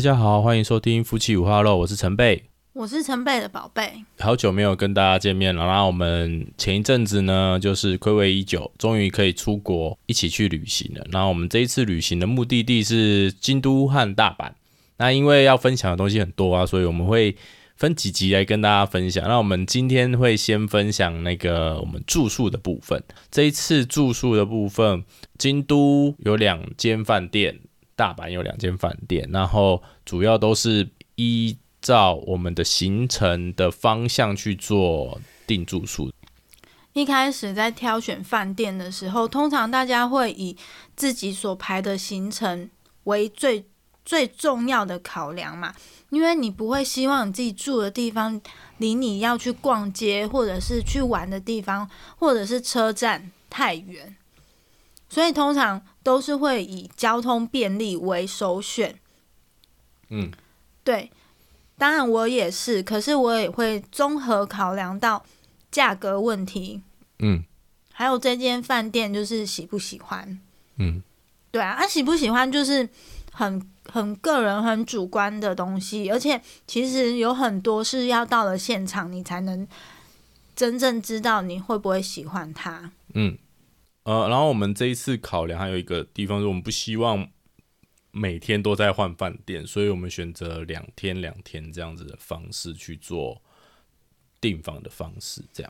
大家好，歡迎收聽夫妻五花肉，我是陳貝，我是陳貝的寶貝，好久沒有跟大家見面了。那我們前一陣子呢，就是暌違已久，終於可以出國一起去旅行了。那我們這一次旅行的目的地是京都和大阪。那因為要分享的東西很多啊，所以我們會分幾集來跟大家分享。那我們今天會先分享那個我們住宿的部分。這一次住宿的部分，京都有兩間飯店。大阪有兩間飯店，然後主要都是依照我們的行程的方向去做訂住宿。一開始在挑選飯店的時候，通常大家會以自己所排的行程為最最重要的考量嘛，因為你不會希望你自己住的地方離你要去逛街或者是去玩的地方或者是車站太遠，所以通常。都是會以交通便利為首選，嗯，對，當然我也是，可是我也會綜合考量到價格問題，嗯，還有這間飯店就是喜不喜歡，嗯，對啊，它、啊、喜不喜歡就是很很個人、很主觀的東西，而且其實有很多是要到了現場你才能真正知道你會不會喜歡它，嗯。呃，然後我們這一次考量還有一個地方，是我們不希望每天都在換飯店，所以我們選擇兩天兩天這樣子的方式去做訂房的方式，這樣。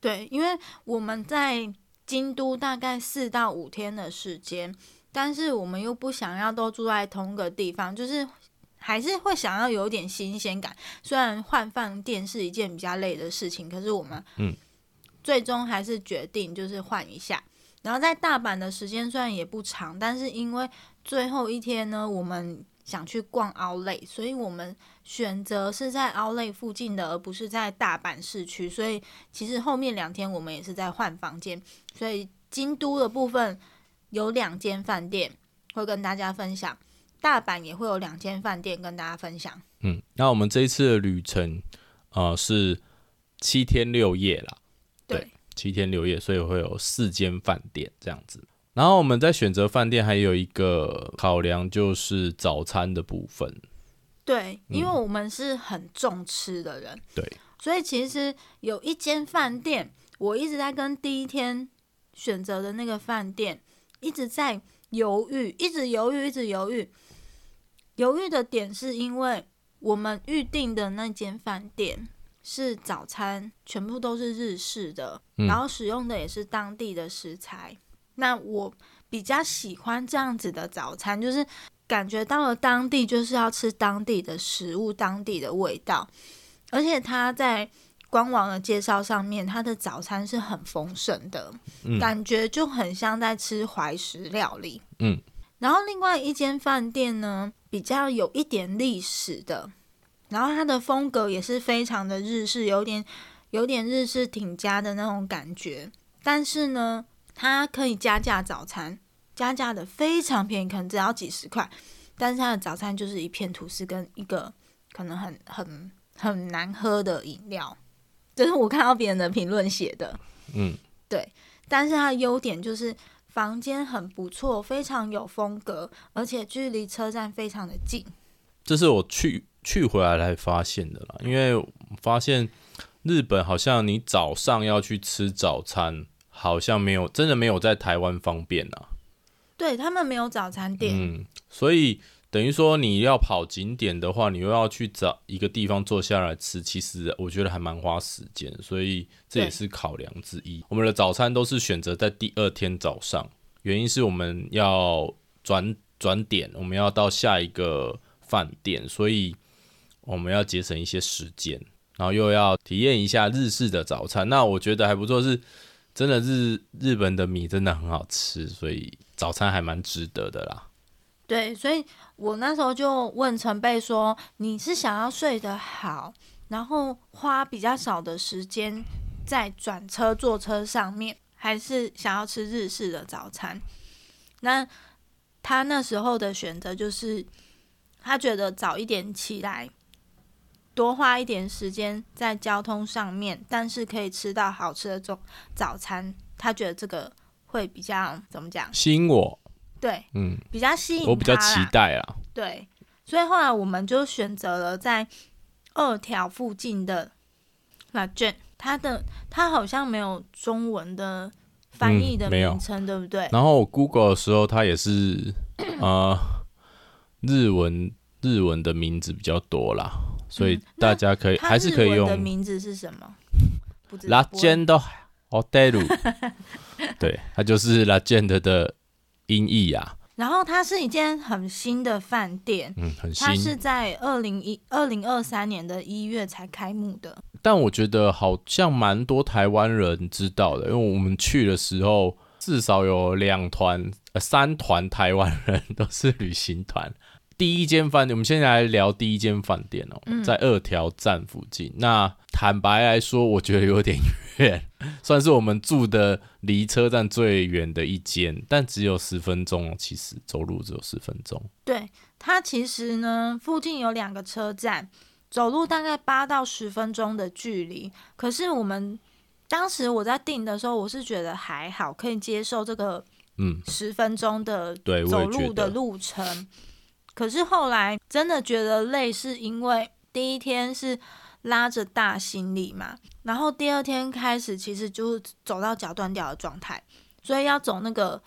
對，因為我們在京都大概四到五天的時間，但是我們又不想要都住在同個地方，就是還是會想要有點新鮮感。雖然換飯店是一件比較累的事情，可是我們嗯。最終還是決定就是換一下，然後在大阪的時間雖然也不長，但是因為最後一天呢，我們想去逛 outlet，所以我們選擇是在 outlet 附近的，而不是在大阪市區。所以其實後面兩天我們也是在換房間。所以京都的部分有兩間飯店會跟大家分享，大阪也會有兩間飯店跟大家分享。嗯，那我們這一次的旅程，呃，是七天六夜了。對，七天六夜，所以會有四間飯店這樣子。然後我們在選擇飯店，還有一個考量，就是早餐的部分。對，因為我們是很重吃的人。嗯、對，所以其實有一間飯店，我一直在跟第一天選擇的那個飯店一直在猶豫，一直猶豫，一直猶豫。猶豫的點是因為我們預定的那間飯店。是早餐全部都是日式的，嗯、然後使用的也是當地的食材。那我比較喜歡這樣子的早餐，就是感覺到了當地就是要吃當地的食物、當地的味道。而且他在官網的介紹上面，他的早餐是很豐盛的，嗯、感覺就很像在吃懷石料理。嗯，然後另外一間飯店呢，比較有一點歷史的。然後它的風格也是非常的日式，有點有點日式町家的那種感覺。但是呢，它可以加價早餐，加價的非常便宜，可能只要幾十塊。但是它的早餐就是一片吐司跟一個可能很很很難喝的飲料，這、就是我看到別人的評論寫的。嗯，對。但是它的優點就是房間很不錯，非常有風格，而且距離車站非常的近。這是我去去回來才發現的啦，因為我發現日本好像你早上要去吃早餐，好像沒有，真的沒有在台灣方便啊。對，他們沒有早餐店，嗯，所以等於說你要跑景點的話，你又要去找一個地方坐下來吃，其實我覺得還蠻花時間，所以這也是考量之一。對我們的早餐都是選擇在第二天早上，原因是我們要轉轉點，我們要到下一個。飯店，所以我們要節省一些時間，然後又要體驗一下日式的早餐，那我覺得還不錯。是，真的是日本的米真的很好吃，所以早餐還蠻值得的啦。對，所以我那時候就問陳貝說：“你是想要睡得好，然後花比較少的時間在轉車、坐車上面，還是想要吃日式的早餐？”那他那時候的選擇就是。他覺得早一點起來，多花一點時間在交通上面，但是可以吃到好吃的早餐，他覺得這個會比較怎麼講？吸引我？對，嗯，比較吸引我，比較期待啊。對，所以後來我們就選擇了在二條附近的那卷，嗯、他的他好像沒有中文的翻譯的名稱，嗯、對不對？然後我 Google 的時候，他也是啊。 呃日文日文的名字比較多啦，嗯、所以大家可以還是可以用的名字是什麼？不知道。LA'GENT 哦，Delu，對，它就是 LA'GENT 的音譯啊。然後它是一間很新的飯店，嗯，很新，它是在二零一二零二三年的一月才開幕的。但我覺得好像蠻多台灣人知道的，因為我們去的時候至少有兩團、呃、三團台灣人都是旅行團。第一間飯店，我們先來聊第一間飯店哦、喔，嗯，在二條站附近。那坦白來說，我覺得有點遠，算是我們住的離車站最遠的一間，但只有十分鐘，其實走路只有十分鐘。對，它其實呢，附近有兩個車站，走路大概八到十分鐘的距離。可是我們當時我在訂的時候，我是覺得還好，可以接受這個，嗯，十分鐘的對走路的路程。嗯。可是後來真的覺得累，是因為第一天是拉着大行李嘛，然後第二天開始，其實就是走到腳斷掉的狀態，所以要走那個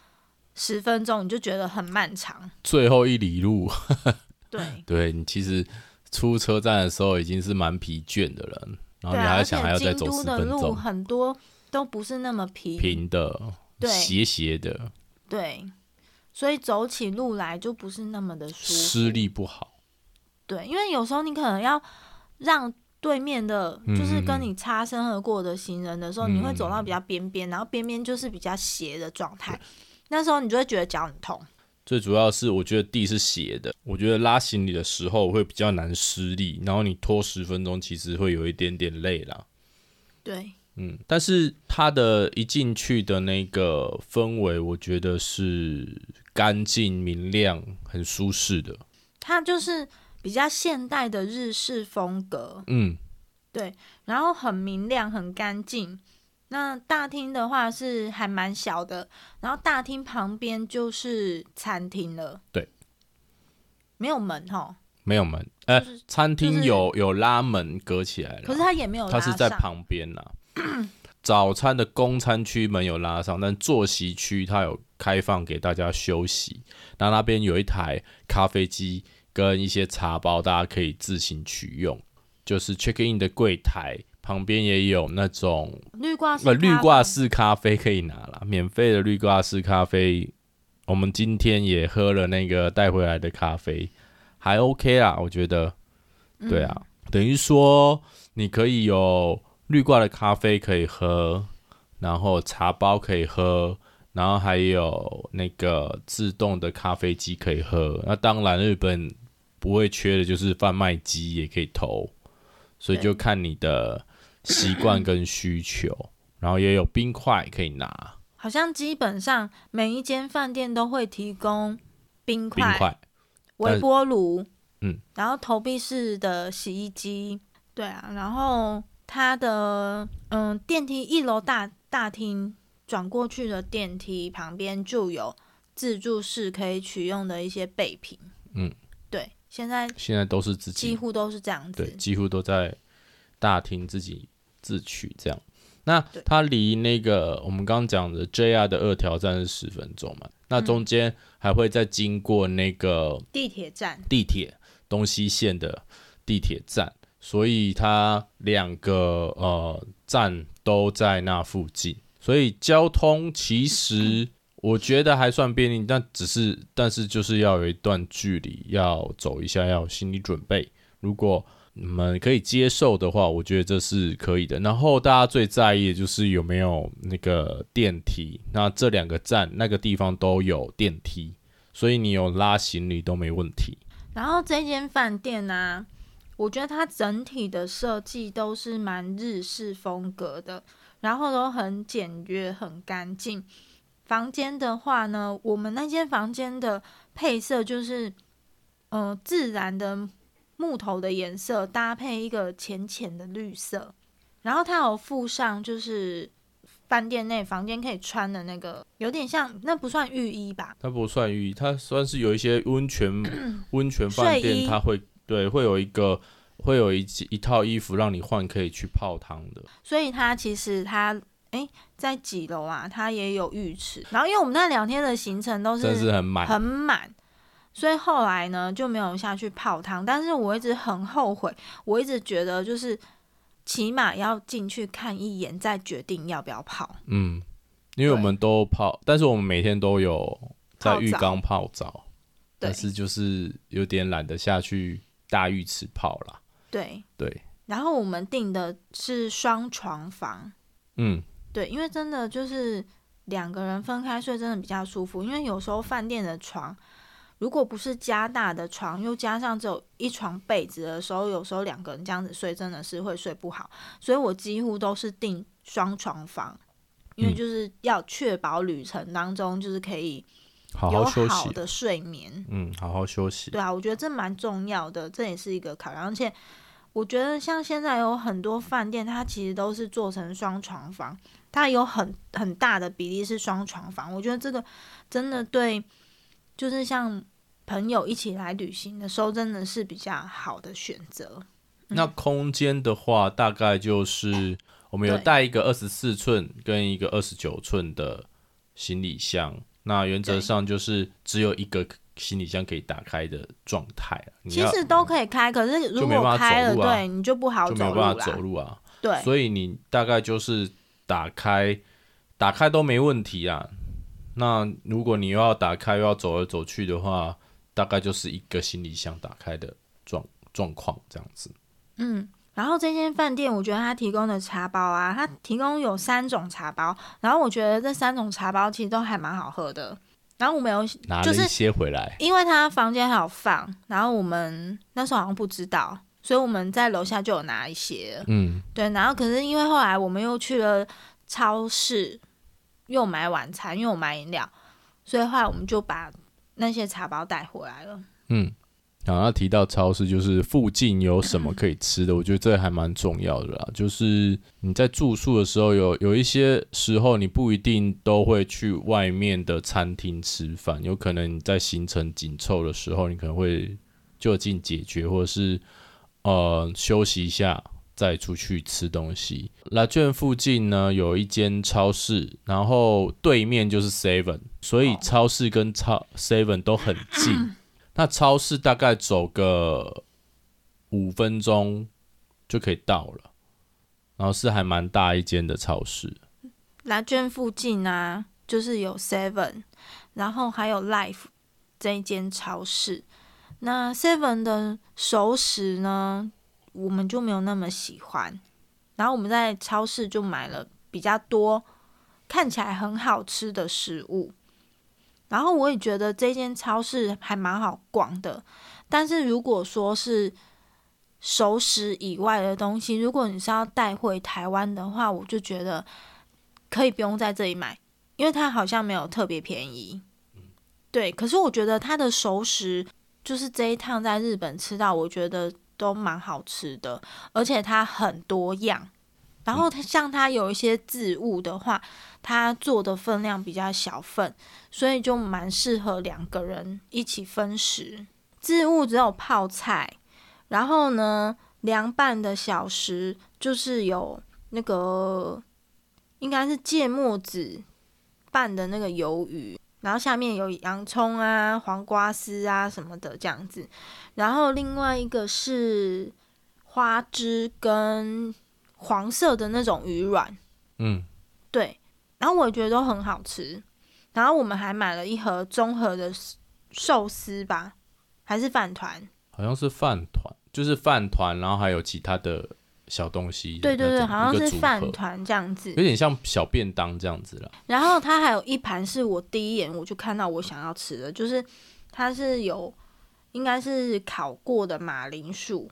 十分鐘，你就覺得很漫長。最後一里路， 對對，你其實出車站的時候已經是蠻疲倦的人，然後你還在想還要再走十分鐘，很多都不是那麼平平的，對，斜斜的，對。所以走起路來就不是那麼的舒服，施力不好。對，因為有時候你可能要讓對面的，嗯嗯就是跟你擦身而過的行人的時候，嗯嗯你會走到比較邊邊，然後邊邊就是比較斜的狀態，嗯、那時候你就會覺得腳很痛。最主要是我覺得地是斜的，我覺得拉行李的時候會比較難施力，然後你拖十分鐘其實會有一點點累了。對，嗯，但是它的一進去的那個氛圍，我覺得是。乾淨、明亮、很舒適的，它就是比較現代的日式風格。嗯，對，然後很明亮、很乾淨。那大廳的話是還蠻小的，然後大廳旁邊就是餐廳了。對，沒有門哈、哦，沒有門。哎、欸，就是、餐廳有、就是、有拉門隔起來了，可是它也沒有，它是在旁邊呢、啊。 早餐的供餐區門有拉上，但坐席區它有開放給大家休息。那那邊有一台咖啡機跟一些茶包，大家可以自行取用。就是 check in 的櫃檯旁邊也有那種濾掛，呃、濾掛式咖啡可以拿了，免費的濾掛式咖啡。我們今天也喝了那個帶回來的咖啡，還 OK 啦，我覺得。對啊，嗯，等於說你可以有。綠罐的咖啡可以喝，然後茶包可以喝，然後還有那個自動的咖啡機可以喝。那當然，日本不會缺的就是販賣機也可以投，對所以就看你的習慣跟需求。咳咳然後也有冰塊可以拿，好像基本上每一間飯店都會提供冰塊、冰塊微波爐，嗯是，然後投幣式的洗衣機，嗯、對啊，然後。他的嗯，電梯一樓大大廳轉過去的電梯旁邊就有自助式可以取用的一些備品。嗯，對，現在現在都是自己，幾乎都是這樣子。對，幾乎都在大廳自己自取這樣。那它離對那個我們剛剛講的 JR 的二條站是十分鐘嘛？嗯、那中間還會再經過那個地鐵站，地鐵東西線的地鐵站。所以它兩個呃站都在那附近，所以交通其實我覺得還算便利，但只是但是就是要有一段距離要走一下，要有心理準備。如果你們可以接受的話，我覺得這是可以的。然後大家最在意的就是有沒有那個電梯，那這兩個站那個地方都有電梯，所以你有拉行李都沒問題。然後這間飯店呢？啊？我覺得它整體的設計都是蠻日式風格的，然後都很簡約、很乾淨。房間的話呢，我們那間房間的配色就是，嗯、呃，自然的木頭的顏色搭配一個淺淺的綠色。然後它有附上，就是飯店內房間可以穿的那個，有點像那不算浴衣吧？它不算浴衣，它算是有一些溫泉 溫泉飯店它會。對，會有一個，會有一一套衣服讓你換，可以去泡湯的。所以它其實它哎、欸，在幾樓啊？它也有浴池。然後因為我們那兩天的行程都是很滿，很滿，所以後來呢就沒有下去泡湯。但是我一直很後悔，我一直覺得就是起碼要進去看一眼，再決定要不要泡。嗯，因為我們都泡，對但是我們每天都有在浴缸泡澡，泡澡，但是就是有點懶得下去。大浴池泡了，對對，對，然後我們訂的是雙床房，嗯，對，因為真的就是兩個人分開睡，真的比較舒服。因為有時候飯店的床如果不是加大的床，又加上只有一床被子的時候，有時候兩個人這樣子睡真的是會睡不好。所以我幾乎都是訂雙床房，因為就是要確保旅程當中就是可以。好好休息，有好的睡眠，嗯，好好休息，對啊，我覺得這蠻重要的，這也是一個考量。而且我覺得像現在有很多飯店，它其實都是做成雙床房，它有很很大的比例是雙床房。我覺得這個真的對，就是像朋友一起來旅行的時候，真的是比較好的選擇。嗯。那空間的話，大概就是我們有帶一個二十四寸跟一個二十九寸的行李箱。那原則上就是只有一個行李箱可以打開的狀態對要其實都可以開，嗯、可是如果開了就沒辦法走路啊，對，你就不好走路了。就沒有辦法走路啊，對。所以你大概就是打開，打開都沒問題啊。那如果你又要打開又要走來走去的話，大概就是一個行李箱打開的狀狀況這樣子。嗯。然後這間飯店，我覺得它提供的茶包啊，它提供有三種茶包，然後我覺得這三種茶包其實都還蠻好喝的。然後我們有拿了一些回來，因為他房間還有放，然後我們那時候好像不知道，所以我們在樓下就有拿一些，嗯，對。然後可是因為後來我們又去了超市，又買晚餐，又買飲料，所以後來我們就把那些茶包帶回來了，嗯。然後他提到超市，就是附近有什麼可以吃的，我覺得這還蠻重要的啦。就是你在住宿的時候有，有有一些時候你不一定都會去外面的餐廳吃飯，有可能你在行程緊湊的時候，你可能會就近解決，或者是呃休息一下再出去吃東西。La'gent 附近呢有一間超市，然後對面就是 Seven，所以超市跟超 Seven 都很近。哦嗯那超市大概走個五分鐘就可以到了，然後是還蠻大一間的超市。那這附近啊，就是有 Seven，然後還有 Life 這一間超市。那 Seven 的熟食呢，我們就沒有那麼喜歡。然後我們在超市就買了比較多看起來很好吃的食物。然後我也覺得這間超市還蠻好逛的，但是如果說是熟食以外的東西，如果你是要帶回台灣的話，我就覺得可以不用在這裡買，因為它好像沒有特別便宜。對，可是我覺得它的熟食就是這一趟在日本吃到，我覺得都蠻好吃的，而且它很多樣。然後他像他有一些漬物的話，他做的分量比較小份，所以就蠻適合兩個人一起分食。漬物只有泡菜，然後呢，涼拌的小食就是有那個應該是芥末籽拌的那個魷魚，然後下面有洋蔥啊、黃瓜絲啊什麼的這樣子。然後另外一個是花枝跟。黃色的那種魚卵，嗯，對，然後我也覺得都很好吃，然後我們還買了一盒綜合的壽司吧，還是飯糰？好像是飯糰，就是飯糰，然後還有其他的小東西。對對，對對，好像是飯糰這樣子，有點像小便當這樣子了。然後它還有一盤是我第一眼我就看到我想要吃的，就是它是有應該是烤過的馬鈴薯，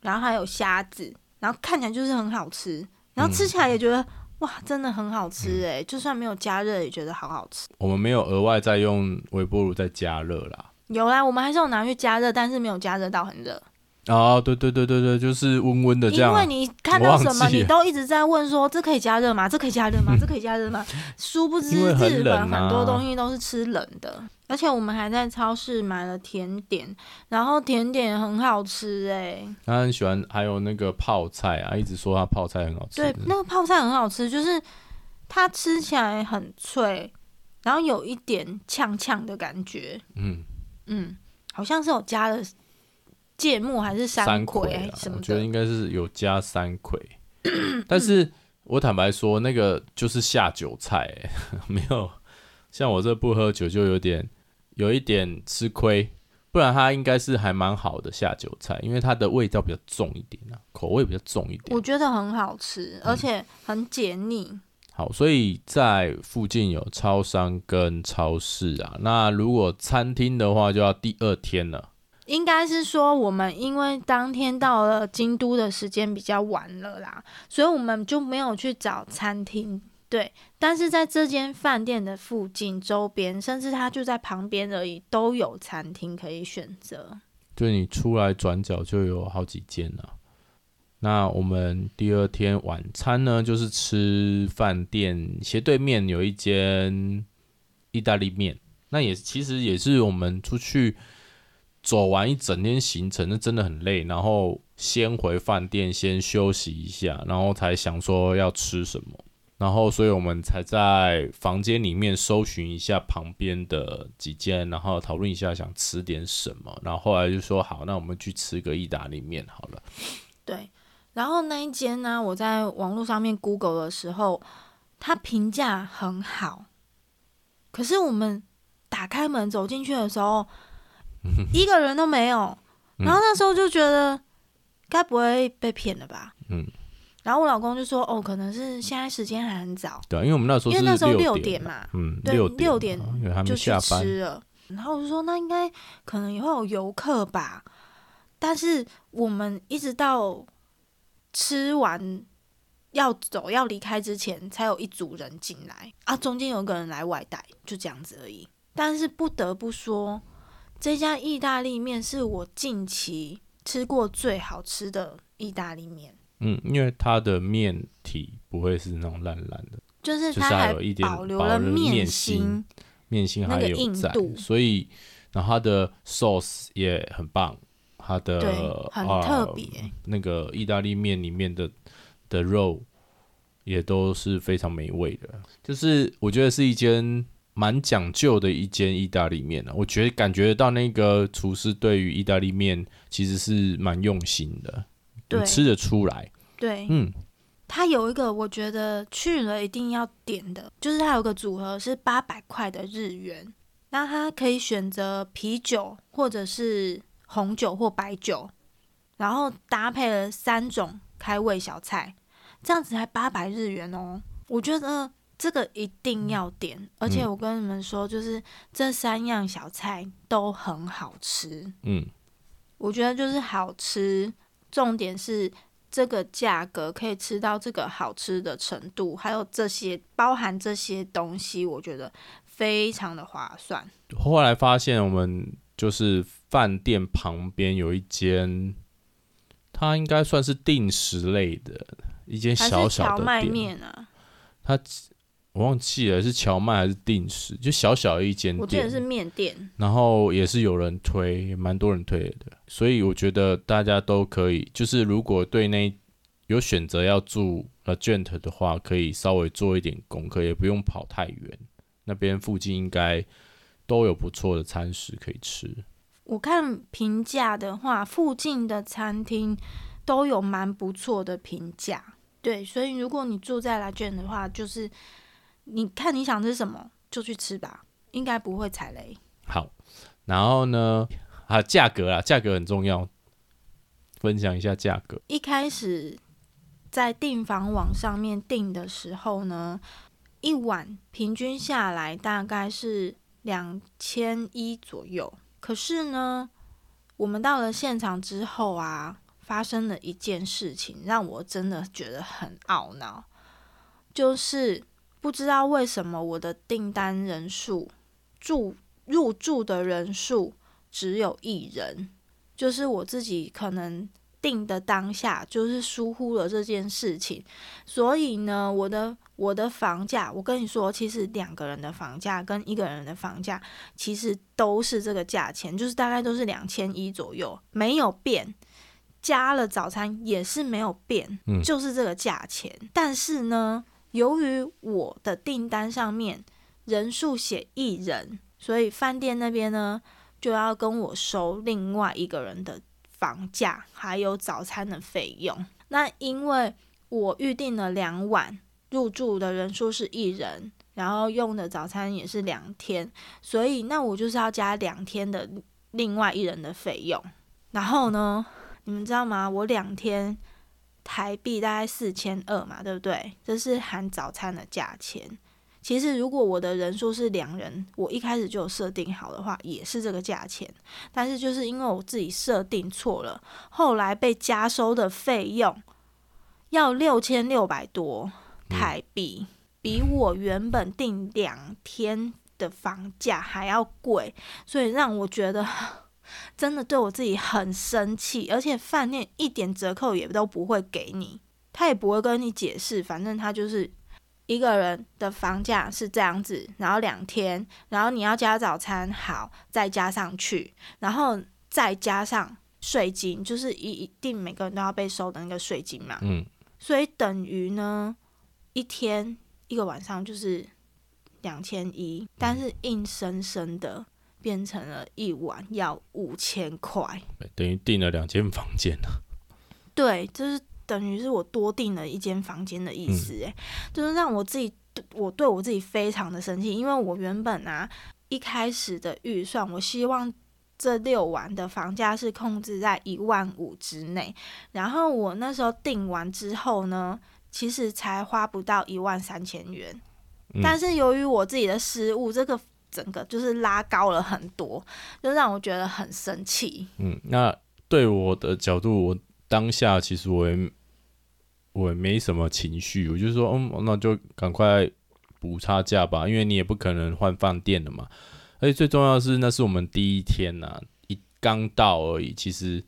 然後還有蝦子。然後看起來就是很好吃，然後吃起來也覺得、嗯、哇，真的很好吃哎、欸！嗯、就算沒有加熱，也覺得好好吃。我們沒有額外再用微波爐再加熱啦。有啦，我們還是有拿去加熱，但是沒有加熱到很熱。啊，對、哦、對對對對，就是溫溫的這樣。因為你看到什麼，你都一直在問說：“這可以加熱嗎？這可以加熱嗎？ 這可以加熱嗎？”嗯、殊不知、啊、日本很多東西都是吃冷的，而且我們還在超市買了甜點，然後甜點很好吃哎、欸。他很喜歡，還有那個泡菜啊，一直說他泡菜很好吃。對，就是、那個泡菜很好吃，就是它吃起來很脆，然後有一點嗆嗆的感覺。嗯嗯，好像是有加了。芥末還是山葵、啊山葵啊、什麼？我覺得應該是有加山葵， 但是我坦白說，那個就是下酒菜，沒有像我這不喝酒就有點有一點吃虧，不然它應該是還蠻好的下酒菜，因為它的味道比較重一點啊，口味比較重一點。我覺得很好吃，而且很解膩、嗯。好，所以在附近有超商跟超市啊，那如果餐廳的話，就要第二天了。應該是說，我們因為當天到了京都的時間比較晚了啦，所以我們就沒有去找餐廳。對，但是在這間飯店的附近、周邊，甚至它就在旁邊而已，都有餐廳可以選擇。就你出來轉角就有好幾間了。那我們第二天晚餐呢，就是吃飯店斜對面有一間意大利麵，那也其實也是我們出去。走完一整天行程，那真的很累。然後先回飯店，先休息一下，然後才想說要吃什麼。然後，所以我們才在房間裡面搜尋一下旁邊的幾間，然後討論一下想吃點什麼。然後後來就說好，那我們去吃個意大利麵好了。對，然後那一間呢、啊，我在網絡上面 Google 的時候，它評價很好。可是我們打開門走進去的時候， 一個人都沒有，然後那時候就覺得該不會被騙了吧？嗯，然後我老公就說：“哦，可能是現在時間還很早。”對啊，因為我們那時候因為那時候六點嘛，嗯，六點就對下班就去吃了。然後我就說：“那應該可能也會有遊客吧？”但是我們一直到吃完要走要離開之前，才有一組人進來啊。中間有個人來外帶，就這樣子而已。但是不得不說。這家意大利面是我近期吃過最好吃的意大利麵。嗯，因為它的麵體不會是那種爛爛的，就是它還有一點保留了麵心，麵心，麵心還有硬度，所以然後它的 sauce 也很棒，它的對，很特別、呃。那個意大利面裡面的的肉也都是非常美味的，就是我覺得是一間。蠻講究的一間意大利麵，啊，我覺得感覺得到那個廚師對於意大利麵其實是蠻用心的，對你吃得出來。對，嗯，他有一個我覺得去了一定要點的，就是他有個組合是八百塊的日元，那他可以選擇啤酒或者是紅酒或白酒，然後搭配了三種開胃小菜，這樣子才八百日元哦，喔，我覺得。這個一定要點，嗯、而且我跟你們說，就是這三樣小菜都很好吃。嗯，我覺得就是好吃，重點是這個價格可以吃到這個好吃的程度，還有這些包含這些東西，我覺得非常的划算。後來發現我們就是飯店旁邊有一間，它應該算是定時類的一間小小的蕎麥麵啊，它。我忘記了是蕎麥還是定食，就小小一間我記得是麵店。然後也是有人推，也蠻多人推的，所以我覺得大家都可以，就是如果對那有選擇要住 La'gent 的話，可以稍微做一點功課，也不用跑太遠，那邊附近應該都有不錯的餐食可以吃。我看評價的話，附近的餐廳都有蠻不錯的評價，對，所以如果你住在 La'gent 的話，嗯、就是。你看你想吃什麼就去吃吧，應該不會踩雷。好，然後呢？啊，價格啊，價格很重要。分享一下價格。一開始在訂房網上面訂的時候呢，一晚平均下來大概是兩千一左右。可是呢，我們到了現場之後啊，發生了一件事情，讓我真的覺得很懊惱，就是。不知道為什麼我的訂單人數住入住的人數只有一人，就是我自己可能定的當下就是疏忽了這件事情，所以呢，我的我的房價，我跟你說，其實兩個人的房價跟一個人的房價其實都是這個價錢，就是大概都是兩千一左右，沒有變，加了早餐也是沒有變，嗯，就是這個價錢，但是呢。由於我的訂單上面人數寫一人，所以飯店那邊呢就要跟我收另外一個人的房價，還有早餐的費用。那因為我預定了兩晚，入住的人數是一人，然後用的早餐也是兩天，所以那我就是要加兩天的另外一人的費用。然後呢，你們知道嗎？我兩天。台幣大概四千二嘛，對不對？這是含早餐的價錢。其實如果我的人數是兩人，我一開始就設定好的話，也是這個價錢。但是就是因為我自己設定錯了，後來被加收的費用要六千六百多台幣，比我原本訂兩天的房價還要貴，所以讓我覺得。真的對我自己很生氣，而且飯店一點折扣也都不會給你，他也不會跟你解釋，反正他就是一個人的房價是這樣子，然後兩天，然後你要加早餐好，再加上去，然後再加上稅金，就是一一定每個人都要被收的那個稅金嘛，嗯、所以等於呢一天一個晚上就是兩千一，但是硬生生的。變成了一晚要五千塊，等於訂了兩間房間，啊、對，就是等於是我多訂了一間房間的意思。嗯、就是讓我自己，我對我自己非常的生氣，因為我原本啊一開始的預算，我希望這六晚的房價是控制在一萬五之內。然後我那時候訂完之後呢，其實才花不到一萬三千元，嗯、但是由於我自己的失誤，這個。整個就是拉高了很多，就讓我覺得很生氣。嗯，那對我的角度，我當下其實我也我也沒什麼情緒，我就說，嗯、哦，那就趕快補差價吧，因為你也不可能換飯店了嘛。而且最重要的是，那是我們第一天吶、啊，一剛到而已。其實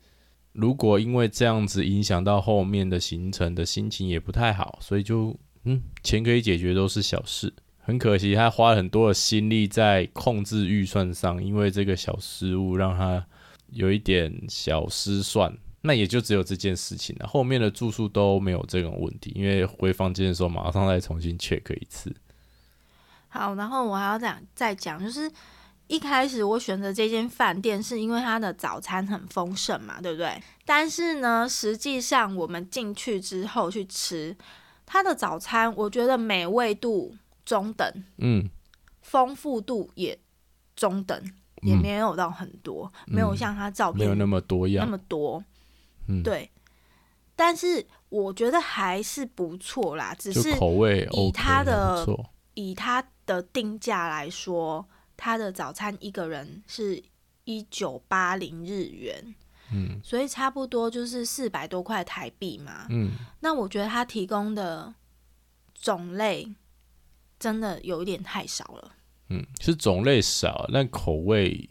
如果因為這樣子影響到後面的行程的心情也不太好，所以就嗯，錢可以解決，都是小事。很可惜，他花了很多的心力在控制預算上，因為這個小失誤讓他有一點小失算。那也就只有這件事情了，後面的住宿都沒有這種問題，因為回房間的時候馬上再重新 check 一次。好，然後我還要講，再講，就是一開始我選擇這間飯店是因為它的早餐很豐盛嘛，對不對？但是呢，實際上我們進去之後去吃它的早餐，我覺得美味度，中等，嗯，豐富度也中等，也沒有到很多，嗯、沒有像他照片沒有那麼多樣那麼多，嗯、對，但是我覺得還是不錯啦，就只是以他的 okay，以他的定價來說，他的早餐一個人是一九八零日元，嗯、所以差不多就是四百多塊台幣嘛，嗯，那我覺得他提供的種類。真的有一點太少了。嗯，是種類少，但口味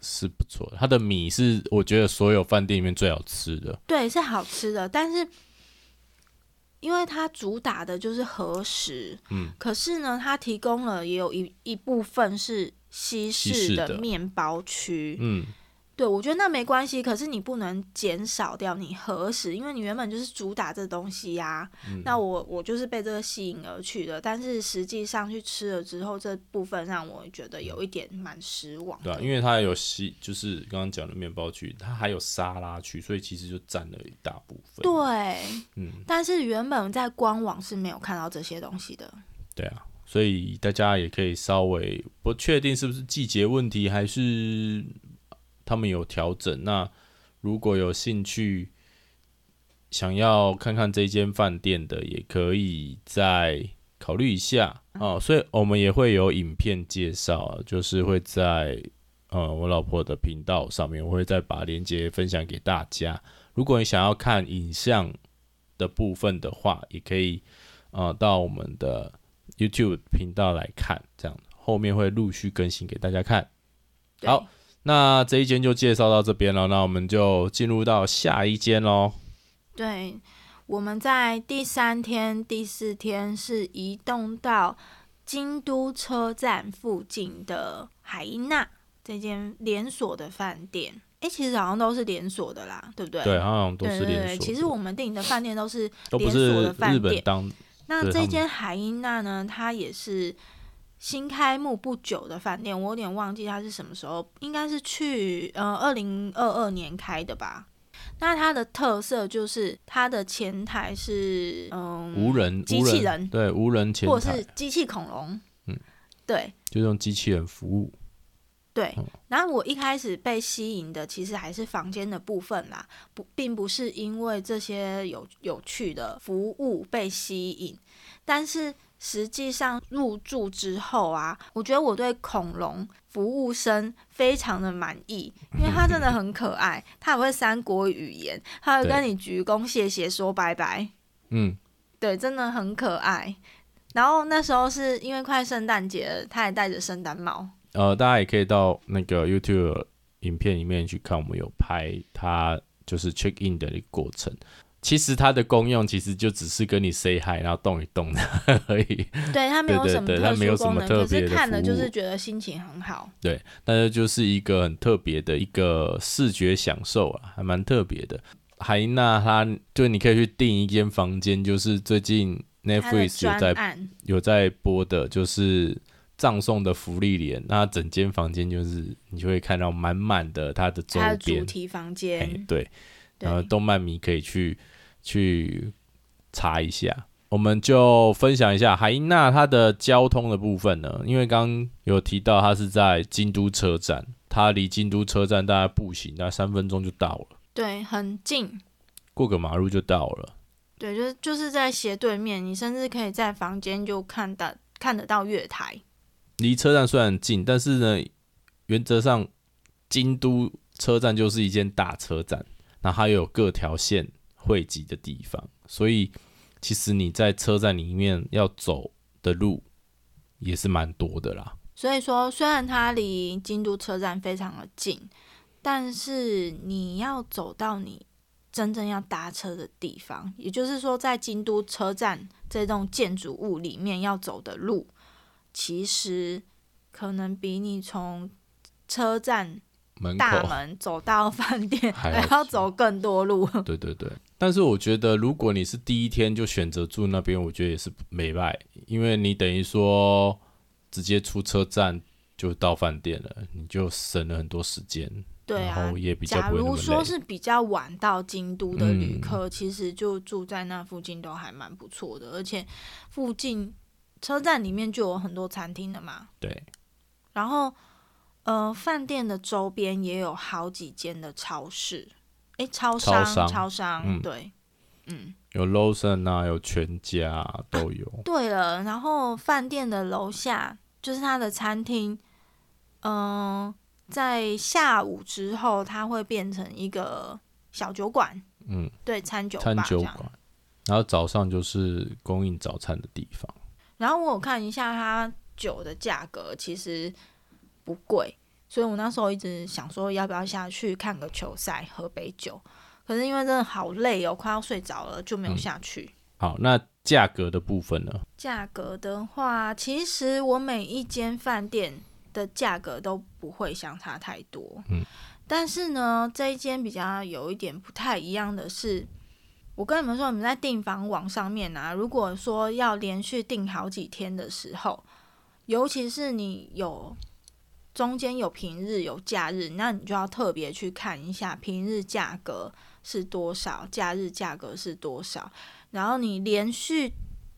是不錯的。它的米是我覺得所有飯店裡面最好吃的。對，是好吃的，但是因為它主打的就是和食，嗯，可是呢，它提供了也有一一部分是西式的麵包區，嗯。對，我覺得那沒關係。可是你不能減少掉你和食，因為你原本就是主打這東西呀、啊。嗯、那我我就是被這個吸引而去的，但是實際上去吃了之後，這部分讓我覺得有一點蠻失望的、嗯。對、啊，因為它有西，就是剛剛講的麵包區，它還有沙拉區，所以其實就占了一大部分。對，嗯。但是原本在官網是沒有看到這些東西的。對啊，所以大家也可以稍微，不確定是不是季節問題，還是。他們有調整，那如果有興趣想要看看這間飯店的，也可以再考慮一下啊、嗯。所以我們也會有影片介紹、啊，就是會在呃、嗯、我老婆的頻道上面，我會再把鏈接分享給大家。如果你想要看影像的部分的話，也可以呃、嗯、到我們的 YouTube 頻道來看，這樣後面會陸續更新給大家看。對好。那這一間就介紹到這邊了，那我們就進入到下一間嘍。對，我們在第三天、第四天是移動到京都車站附近的海茵娜這間連鎖的飯店。哎、欸，其實好像都是連鎖的啦，對不對？對，好像都是連鎖。其實我們訂的飯店都是連鎖的飯店。當那這間海茵娜呢，它也是，新開幕不久的飯店，我有點忘記它是什麼時候，應該是去呃二零二二年開的吧。那它的特色就是它的前台是嗯，呃，無人機器人，無人，對無人前台，或是機器恐龍，嗯，對，就用機器人服務。對，然後我一開始被吸引的其實還是房間的部分啦，不並不是因為這些有有趣的服務被吸引，但是。實際上入住之後啊，我覺得我對恐龍服務生非常的滿意，因為他真的很可愛， 他也會三國語言，他會跟你鞠躬謝謝說拜拜，嗯對，對，真的很可愛。然後那時候是因為快聖誕節了，他也戴着聖誕帽。呃，大家也可以到那個 YouTube 影片裡面去看，我們有拍他就是 check in 的一個過程。其實它的功用其實就只是跟你 say hi，然後動一動的呵呵而已。對，它沒有對對對什麼特殊功能，可是看了就是覺得心情很好。對，但是就，就是一個很特別的一個視覺享受啊，還蠻特別的。海茵娜她，他就你可以去訂一間房間，就是最近 Netflix 有在有在播的，就是《葬送的芙莉蓮》，那整間房間就是你就會看到滿滿的它的周邊，它的主題房間。欸、對，對然後動漫迷可以去。去查一下，我們就分享一下海茵娜它的交通的部分呢。因為剛有提到它是在京都車站，它離京都車站大概步行大概三分鐘就到了。對，很近，過個馬路就到了。對，就是、就是在斜對面，你甚至可以在房間就看到看得到月台。離車站雖然很近，但是呢，原則上京都車站就是一間大車站，那它有各條線。匯集的地方，所以其實你在車站裡面要走的路也是蠻多的啦。所以說，雖然它離京都車站非常的近，但是你要走到你真正要搭車的地方，也就是說，在京都車站這棟建築物裡面要走的路，其實可能比你從車站大門走到飯店還要走更多路。對對對。但是我覺得，如果你是第一天就選擇住那邊，我覺得也是沒壞，因為你等於說直接出車站就到飯店了，你就省了很多時間。對啊，然後也比較不會。假如說是比較晚到京都的旅客，嗯，其實就住在那附近都還蠻不錯的，而且附近車站裡面就有很多餐廳的嘛。對。然後，呃，飯店的周邊也有好幾間的超市。哎、欸，超商、超商、超商嗯、對，嗯，有羅 n 啊，有全家，啊，都有，啊。對了，然後飯店的樓下就是他的餐廳，嗯、呃，在下午之後它會變成一個小酒館，嗯，對，餐酒餐酒館，樣然後早上就是供應早餐的地方。然後我有看一下他酒的價格，其實不貴。所以，我那時候一直想說，要不要下去看個球賽，喝杯酒？可是因為真的好累哦、喔，快要睡着了，就沒有下去。嗯、好，那價格的部分呢？價格的話，其實我每一間飯店的價格都不會相差太多。嗯、但是呢，這一間比較有一點不太一樣的是，我跟你們說，你們在訂房網上面啊，如果說要連續訂好幾天的時候，尤其是你有。中間有平日，有假日，那你就要特別去看一下平日價格是多少，假日價格是多少。然後你連續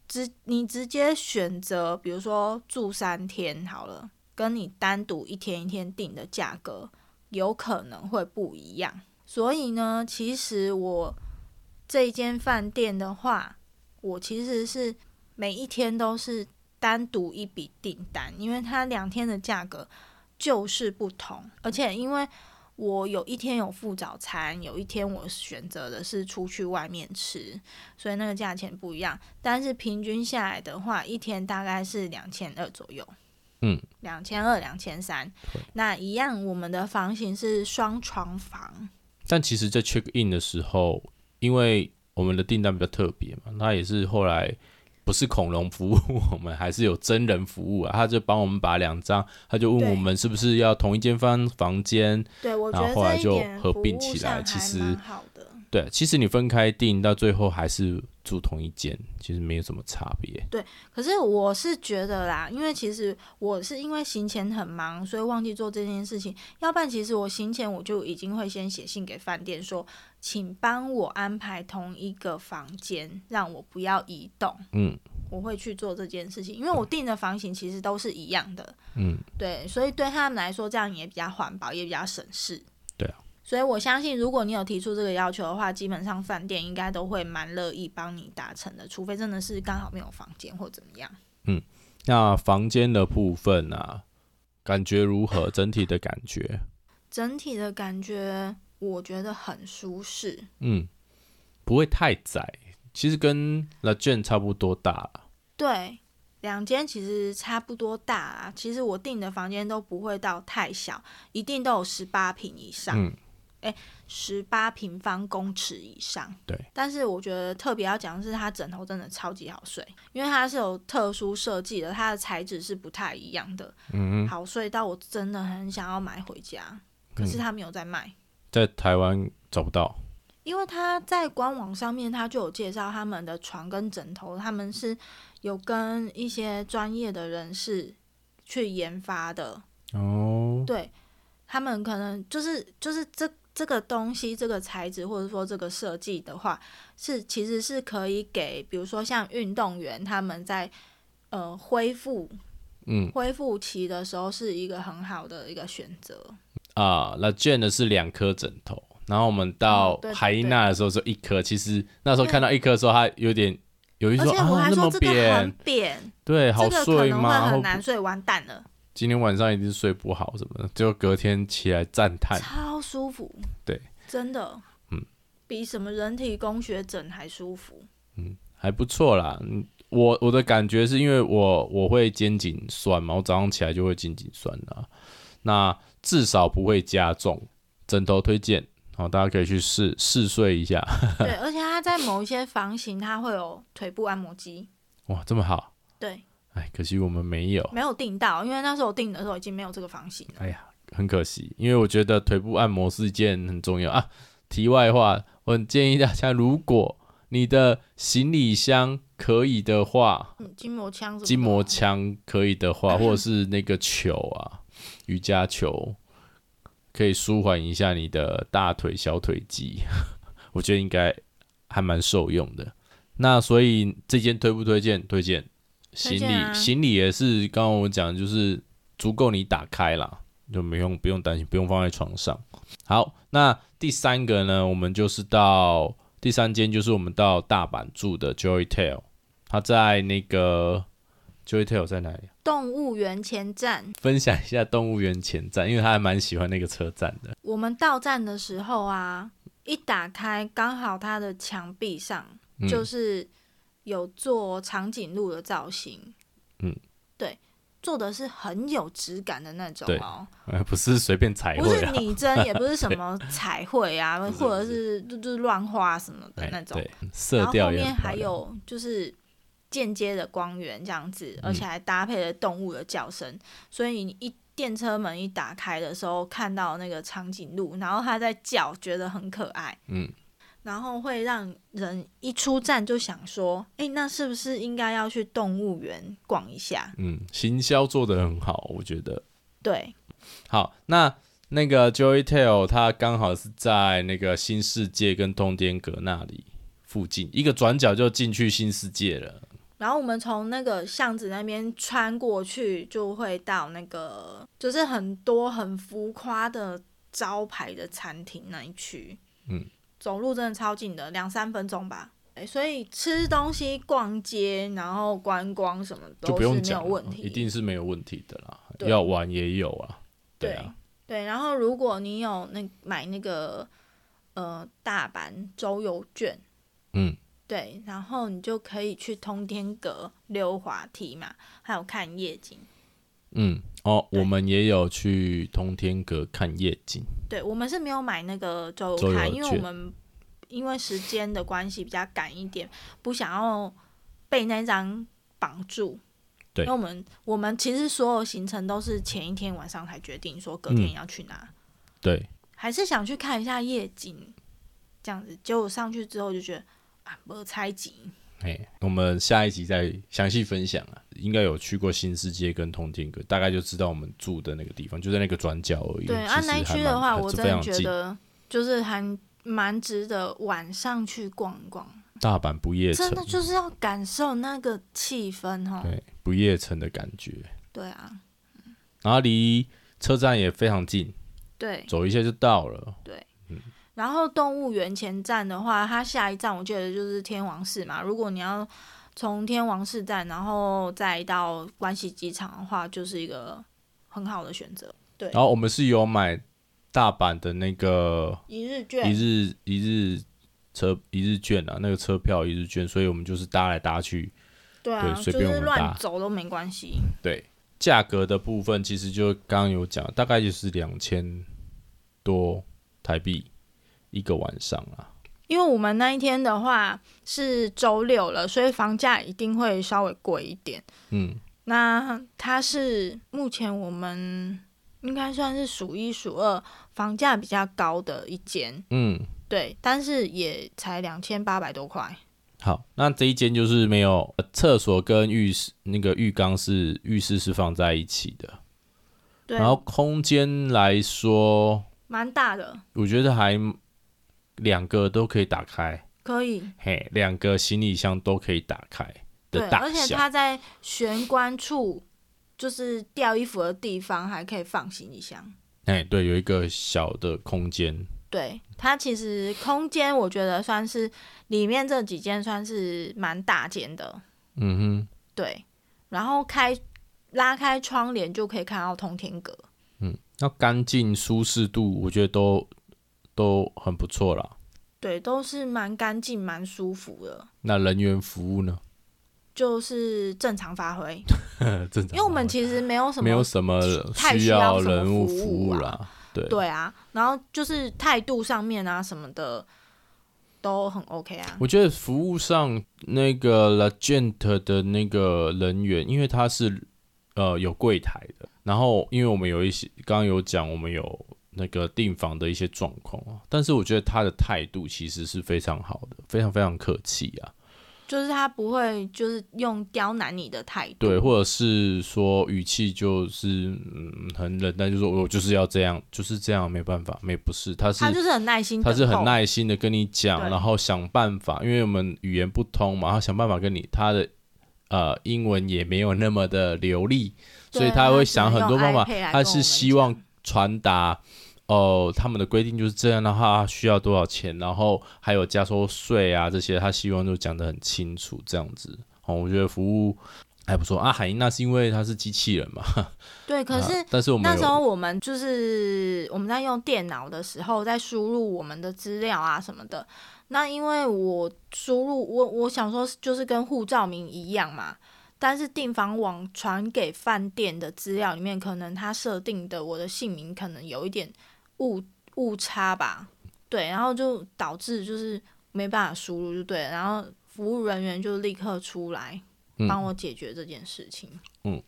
直你直接選擇，比如說住三天好了，跟你單獨一天一天訂的價格有可能會不一樣。所以呢，其實我這間飯店的話，我其實是每一天都是單獨一筆訂單，因為它兩天的價格。就是不同，而且因為我有一天有付早餐，有一天我選擇的是出去外面吃，所以那個價錢不一樣。但是平均下來的話，一天大概是兩千二左右，嗯，兩千二、兩千三。那一樣，我們的房型是雙床房。但其實在 check in 的時候，因為我們的訂單比較特別嘛，那也是後來。不是恐龍服務，我們還是有真人服務啊。他就幫我們把兩張，他就問我們是不是要同一間房房間？對，我覺得應該合併起來，其實好的。對，其實你分開訂到最後還是住同一間，其實沒有什麼差別。對，可是我是覺得啦，因為其實我是因為行前很忙，所以忘記做這件事情。要不然其實我行前我就已經會先寫信給飯店說。請幫我安排同一個房間，讓我不要移動。嗯，我會去做這件事情，因為我訂的房型其實都是一樣的。嗯，對，所以對他們來說，這樣也比較環保，也比較省事。對啊。所以我相信，如果你有提出這個要求的話，基本上飯店應該都會蠻樂意幫你達成的，除非真的是剛好沒有房間或怎麼樣。嗯，那房間的部分呢、啊？感覺如何？整體的感覺？整體的感覺。我覺得很舒適，嗯，不會太窄，其實跟 La'gent 差不多大了、啊。對，兩間其實差不多大啊。其實我訂的房間都不會到太小，一定都有十八平以上，哎、嗯，十八、欸、平方公尺以上。對，但是我覺得特別要講的是，它枕頭真的超級好睡，因為它是有特殊設計的，它的材質是不太一樣的，嗯，嗯，好睡到我真的很想要買回家，可是它沒有在賣。嗯在台灣找不到，因為他在官網上面，他就有介紹他們的床跟枕頭，他們是有跟一些專業的人士去研發的哦。對，他們可能就是就是這這個東西這個材質或者說這個設計的話，是其實是可以給，比如說像運動員他們在呃恢復嗯恢復期的時候，是一個很好的一個選擇。嗯啊，La'gent 的是兩顆枕頭，然後我們到海茵娜的時候就一顆。其實那時候看到一顆的時候，它有點，猶豫說，啊，那麼扁，對，好睡嗎？很難睡，完蛋了。今天晚上一定睡不好什麼的，就隔天起來讚嘆，超舒服，對，真的，嗯，比什麼人體工學枕還舒服，嗯，還不錯啦。我我的感覺是因為我我會肩頸酸嘛，我早上起來就會肩頸酸的，那。至少不會加重，枕頭推薦，好、哦，大家可以去試試睡一下。 對，而且它在某一些房型，它會有腿部按摩機。哇，這麼好。對。哎，可惜我們沒有。沒有訂到，因為那時候我訂的時候已經沒有這個房型了。哎呀，很可惜，因為我覺得腿部按摩是一件很重要啊。題外話，我很建議大家，如果你的行李箱可以的話，筋膜槍，筋膜槍可以的話，或者是那個球啊。 瑜伽球可以舒緩一下你的大腿、小腿肌，我覺得應該還蠻受用的。那所以這間推不推薦？推薦。行李、啊、行李也是剛剛我講，就是足夠你打開啦，就沒用，不用擔心，不用放在床上。好，那第三個呢？我們就是到第三間，就是我們到大阪住的 Joytel，他在那個。j o e 在哪裡？動物園前站。分享一下動物園前站，因為他還蠻喜歡那個車站的。我們到站的時候啊，一打開，剛好他的牆壁上就是有做長頸鹿的造型。嗯，對，做的是很有質感的那種哦、喔，不是隨便彩繪、喔，不是擬真，也不是什麼彩繪啊， 對 或者是就就亂畫什麼的那種。欸、對，色調然後後面還有就是。間接的光源這樣子，而且還搭配了動物的叫聲，嗯、所以你一電車門一打開的時候，看到那個長頸鹿，然後它在叫，覺得很可愛。嗯，然後會讓人一出站就想說，哎、欸，那是不是應該要去動物園逛一下？嗯，行銷做得很好，我覺得。對，好，那那個 JOYTEL 它剛好是在那個新世界跟通天閣那裡附近，一個轉角就進去新世界了。然後我們從那個巷子那邊穿過去，就會到那個就是很多很浮誇的招牌的餐廳那一區。嗯，走路真的超近的，兩三分鐘吧。哎，所以吃東西、逛街，然後觀光什麼，都是沒有問題，一定是沒有問題的啦。對要玩也有啊。對啊對，對。然後如果你有那買那個呃大阪周遊券，嗯。對，然後你就可以去通天閣溜滑梯嘛，還有看夜景。嗯，哦，對我們也有去通天閣看夜景。對，我們是沒有買那個周遊卡，周遊券，因為我們因為時間的關係比較趕一點，不想要被那張綁住。對，那我們我們其實所有行程都是前一天晚上才決定說隔天要去哪。嗯、對，還是想去看一下夜景，這樣子。結果上去之後就覺得。啊，沒猜忌。哎，我們下一集再詳細分享啊。應該有去過新世界跟通天閣，大概就知道我們住的那個地方就在那個轉角而已。對，安南區的話，我真的覺得就是還蠻值得晚上去逛逛。大阪不夜城，真的就是要感受那個氣氛哈、哦。對，不夜城的感覺。對啊。然後離車站也非常近，對，走一下就到了。對。然後動物園前站的話，它下一站我記得就是天王寺嘛。如果你要從天王寺站，然後再到關西機場的話，就是一個很好的選擇。對。然後我們是有買大阪的那個一日券，一日一日車一日券啊，那個車票一日券，所以我們就是搭來搭去，對啊，對，隨便就是亂走都沒關係。對，價格的部分其實就剛剛有講，大概就是兩千多台幣。一個晚上啊，因為我們那一天的話是周六了，所以房價一定會稍微貴一點。嗯，那它是目前我們應該算是數一數二房價比較高的一間。嗯，對，但是也才兩千八百多塊。好，那這一間就是沒有廁所跟浴室，那個浴缸是浴室是放在一起的。對，然後空間來說蠻大的，我覺得還。兩個都可以打開，可以，嘿，兩個行李箱都可以打開的大小。對，而且它在玄關處，就是吊衣服的地方，還可以放行李箱。哎，對，有一個小的空間。對，它其實空間，我覺得算是裡面這幾間算是蠻大間的。嗯哼，對，然後開拉開窗簾就可以看到通天閣。嗯，那乾淨舒適度，我覺得都。都很不錯啦，對，都是蠻乾淨、蠻舒服的。那人員服務呢？就是正常發揮， 正常發揮，因為我們其實沒有什麼沒有什麼太需要人物服務啦，啊啊，對對啊。然後就是態度上面啊什麼的都很 OK 啊。我覺得服務上那個 La'gent 的那個人員，因為他是呃有櫃檯的，然後因為我們有一些剛剛有講，我們有。那個訂房的一些狀況啊，但是我覺得他的態度其實是非常好的，非常非常客氣啊。就是他不會就是用刁難你的態度，對，或者是說語氣就是嗯很冷淡，就說我就是要這樣，就是這樣，沒辦法，沒不是，他是他就是很耐心，他是很耐心的跟你講，對然後想辦法，因為我們語言不通嘛，他想辦法跟你，他的呃英文也沒有那麼的流利，對所以他會想很多辦法，他，他是希望傳達。哦、呃，他們的規定就是這樣的話，啊，需要多少錢？然後還有加收稅啊這些，他希望就講得很清楚這樣子。哦，我覺得服務還不錯啊。海茵娜，那是因為他是機器人嘛？對，可是，啊，但是我們那時候我們就是我們在用電腦的時候，在輸入我們的資料啊什麼的。那因為我輸入我我想說就是跟護照名一樣嘛。但是訂房網傳給飯店的資料裡面，可能他設定的我的姓名可能有一點。誤誤差吧，對，然後就導致就是沒辦法輸入就對，然後服務人員就立刻出來幫我解決這件事情嗯。嗯，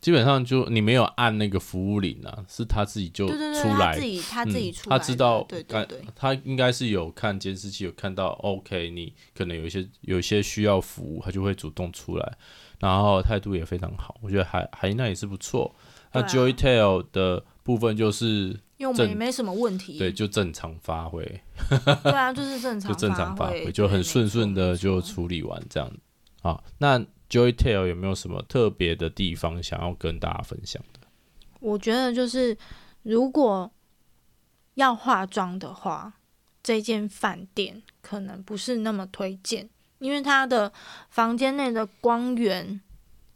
基本上就你沒有按那個服務鈴啊，是他自己就出來，對對對，他自己他自己出來的。嗯，他知道對。對對，對，他應該是有看監視器，有看到 OK，你可能有一些有一些需要服務，他就會主動出來，然後態度也非常好，我覺得海海茵娜也是不錯。那 JOYTEL 的部分就是。因為我們也沒什麼問題，對，就正常發揮。 對啊，就是正常發揮正常發揮，對就很順順的就處理完這樣啊錯。那 JOYTEL 有沒有什麼特別的地方想要跟大家分享的？我覺得就是如果要化妝的話，這間飯店可能不是那麼推薦，因為它的房間內的光源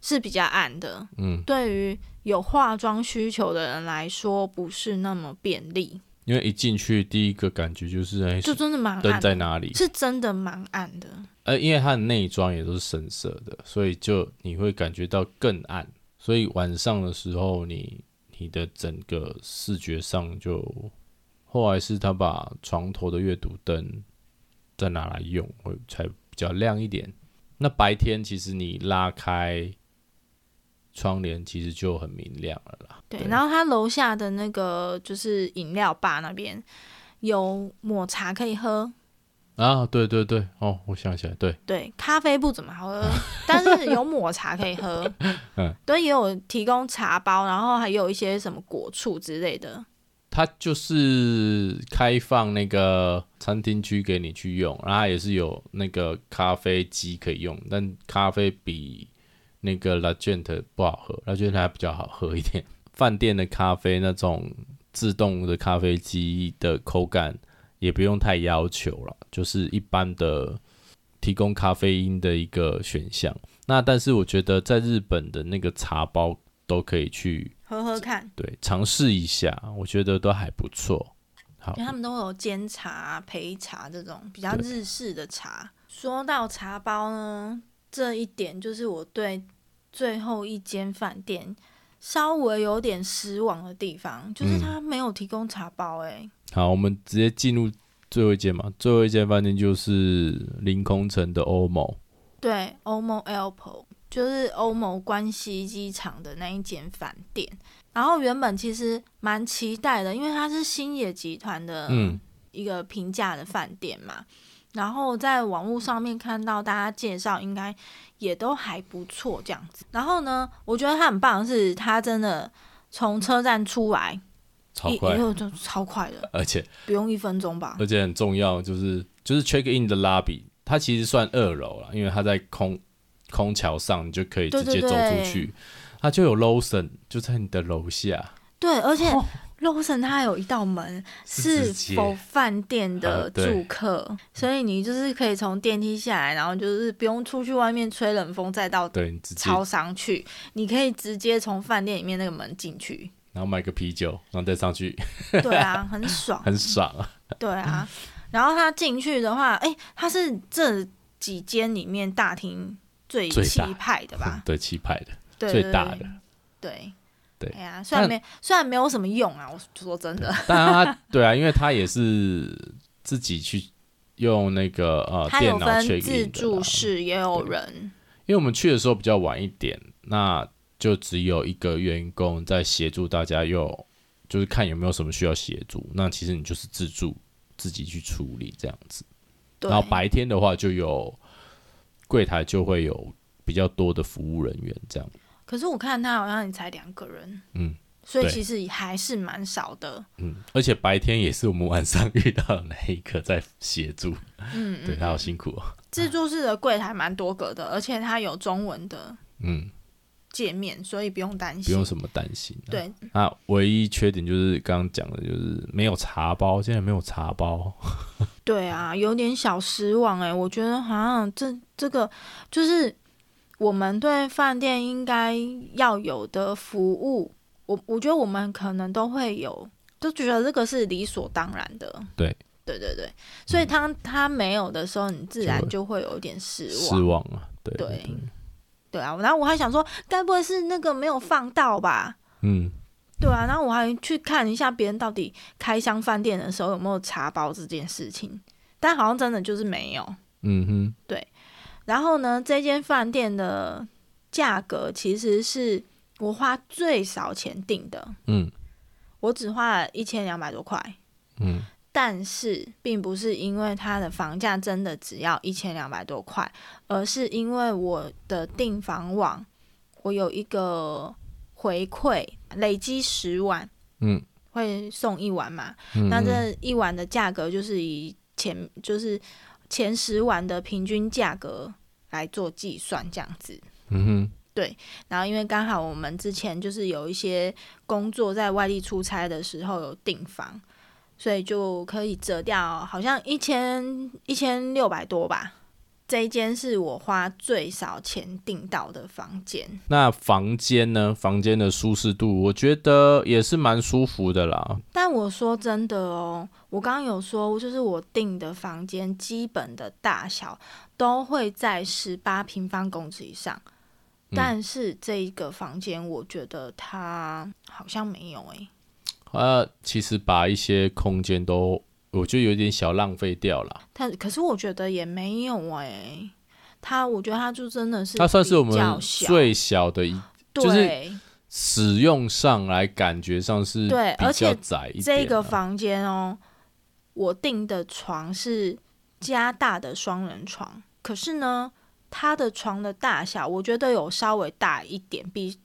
是比較暗的。嗯，對於。有化妝需求的人來說不是那麼便利，因為一進去第一個感覺就是，欸，就真的蠻暗的燈在哪裡？是真的蠻暗的。呃，因為它的內裝也都是深色的，所以就你會感覺到更暗。所以晚上的時候你，你你的整個視覺上就，後來是他把床頭的閱讀燈再拿來用，會才比較亮一點。那白天其實你拉開。窗簾其實就很明亮了啦。對，對然後他樓下的那個就是飲料吧那邊有抹茶可以喝啊。對對對，哦，我想起來，對對，咖啡不怎麼好喝， 但是有抹茶可以喝。 嗯，嗯對，也有提供茶包，然後還有一些什麼果醋之類的。他就是開放那個餐廳區給你去用，然後也是有那個咖啡機可以用，但咖啡比。那個拉卷特不好喝，拉卷特還比較好喝一點。飯店的咖啡那種自動的咖啡機的口感也不用太要求了，就是一般的提供咖啡因的一個選項。那但是我覺得在日本的那個茶包都可以去喝喝看，對，嘗試一下，我覺得都還不錯。好，因為他們都有煎茶、焙茶這種比較日式的茶。對說到茶包呢，這一點就是我對。最後一間飯店稍微有點失望的地方，嗯、就是它沒有提供茶包、欸。哎，好，我們直接進入最後一間嘛。最後一間飯店就是臨空城的 OMO。對，OMO a p l 就是 OMO 關西機場的那一間飯店。然後原本其實蠻期待的，因為它是新野集團的一個平價的飯店嘛。嗯、然後在網絡上面看到大家介紹，應該。也都還不錯這樣子，然後呢，我覺得他很棒的是，是他真的從車站出來，超快，就超快的，欸欸欸、超快的，而且不用一分鐘吧。而且很重要，就是就是 check in 的 lobby，它其實算二樓了，因為它在空空橋上，你就可以直接走出去，對對對，它就有 Lawson 就在你的樓下。對，而且。哦 Lawson 它有一道門，是，是否飯店的住客？呃、所以你就是可以從電梯下來，然後就是不用出去外面吹冷風，再到超商去，對，你抄上去，你可以直接從飯店裡面那個門進去，然後買個啤酒，然後再上去。 對啊，很爽，很爽啊！對啊，嗯、然後他進去的話，哎，他是這幾間裡面大廳最氣派的吧？對，氣派的，對對最大的，對。對啊、哎，雖然沒但雖然沒有什麼用啊，我說真的。但他對啊，因為他也是自己去用那個呃，電腦、 啊，他有分自助式也有人。因為我們去的時候比較晚一點，那就只有一個員工在協助大家，用就是看有沒有什麼需要協助。那其實你就是自助自己去處理這樣子。對然後白天的話，就有櫃台就會有比較多的服務人員這樣子。可是我看他好像也才兩個人，嗯，所以其實還是蠻少的，嗯，而且白天也是我們晚上遇到的那一個在協助，嗯、 對他好辛苦哦。自助式的櫃檯蠻多格的，啊、而且它有中文的嗯界面，嗯，所以不用擔心，不用什麼擔心，啊。對，那，啊、唯一缺點就是剛剛講的，就是沒有茶包，竟然沒有茶包， 對啊，有點小失望哎，欸，我覺得好像，啊、這這個就是。我們對飯店應該要有的服務，我我覺得我們可能都會有，就覺得這個是理所當然的。對對對對，所以他、嗯、他沒有的時候，你自然就會有點失望。失望啊，對對對，對，對啊！然後我還想說，該不會是那個沒有放到吧？嗯，對啊。然後我還去看一下別人到底開箱飯店的時候有沒有查包這件事情，但好像真的就是沒有。嗯哼，對。然後呢，這間飯店的價格其實是我花最少錢訂的。嗯，我只花了一千兩百多塊。嗯，但是並不是因為它的房價真的只要一千兩百多塊，而是因為我的訂房網，我有一個回饋，累積十晚，嗯，會送一晚嘛？嗯嗯，那這一晚的價格就是以前就是前十晚的平均價格。來做計算這樣子，嗯哼，對。然後因為剛好我們之前就是有一些工作在外地出差的時候有訂房，所以就可以折掉，好像一千一千六百多吧。這一間是我花最少錢訂到的房間。那房間呢？房間的舒適度，我覺得也是蠻舒服的啦。但我說真的哦、喔，我剛剛有說，就是我訂的房間基本的大小都會在十八平方公尺以上。嗯、但是這一個房間，我覺得它好像沒有哎、欸。啊，其實把一些空間都。我覺得有點小浪費掉了，但可是我覺得也沒有哎、欸，他我覺得他就真的是，他算是我們最小的一，對，使用上來感覺上是、啊、對，而且窄一點。這個房間哦、喔，我訂的床是加大的雙人床，可是呢，他的床的大小我覺得有稍微大一點，比。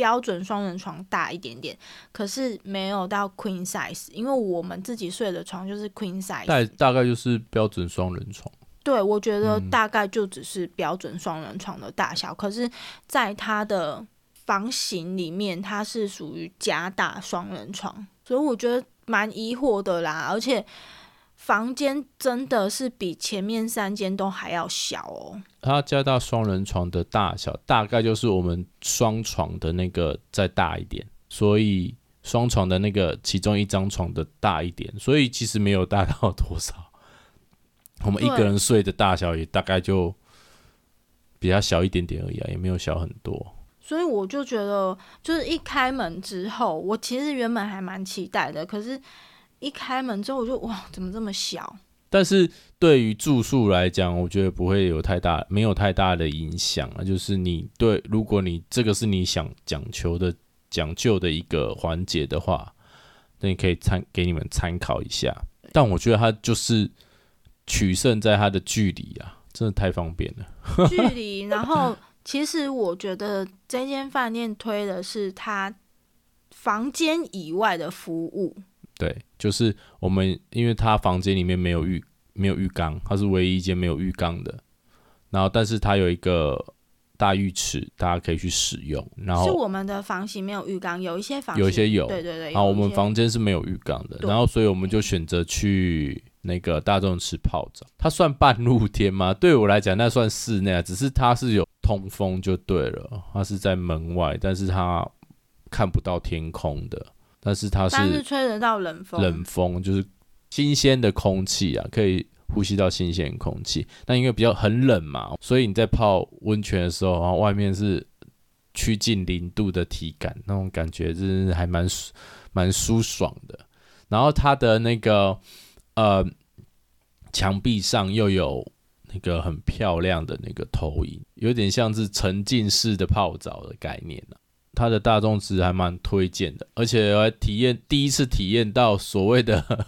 標準雙人床大一點點，可是沒有到 queen size，因為我們自己睡的床就是 queen size，大概就是標準雙人床。對，我覺得大概就只是標準雙人床的大小，嗯、可是，在它的房型裡面，它是屬於加大雙人床，所以我覺得蠻疑惑的啦，而且。房間真的是比前面三間都還要小哦。它加到雙人床的大小，大概就是我們雙床的那個再大一點，所以雙床的那個其中一張床的大一點，所以其實沒有大到多少。我們一個人睡的大小也大概就比較小一點點而已啊，也沒有小很多。所以我就覺得，就是一開門之後，我其實原本還蠻期待的，可是。一開門之後，我就哇，怎麼這麼小？但是對於住宿來講，我覺得不會有太大、沒有太大的影響啊。就是你對，如果你這個是你想講求的、講究的一個環節的話，那你可以參給你們參考一下。對但我覺得它就是取勝在它的距離啊，真的太方便了。距離離， 然後其實我覺得這間飯店推的是他房間以外的服務。對，就是我們，因為他房間裡面沒有浴沒有浴缸，他是唯一一間沒有浴缸的。然後，但是他有一個大浴池，大家可以去使用。然後是我們的房型沒有浴缸，有一些房有一些有，對對對。然後我們房間是沒有浴缸的，對然後所以我們就選擇去那個大眾池泡澡。對它算半露天嗎？對我來講，那算室內啊，只是它是有通風就對了，它是在門外，但是它看不到天空的。但是它是，但是吹得到冷風，冷風就是新鮮的空氣啊，可以呼吸到新鮮的空氣。但因為比較很冷嘛，所以你在泡溫泉的時候，然後外面是趨近零度的體感，那種感覺是還蠻蠻舒爽的。然後它的那個呃牆壁上又有那個很漂亮的那個投影，有點像是沉浸式的泡澡的概念啊。它的大眾池還蠻推薦的，而且我還體驗第一次體驗到所謂的呵呵氣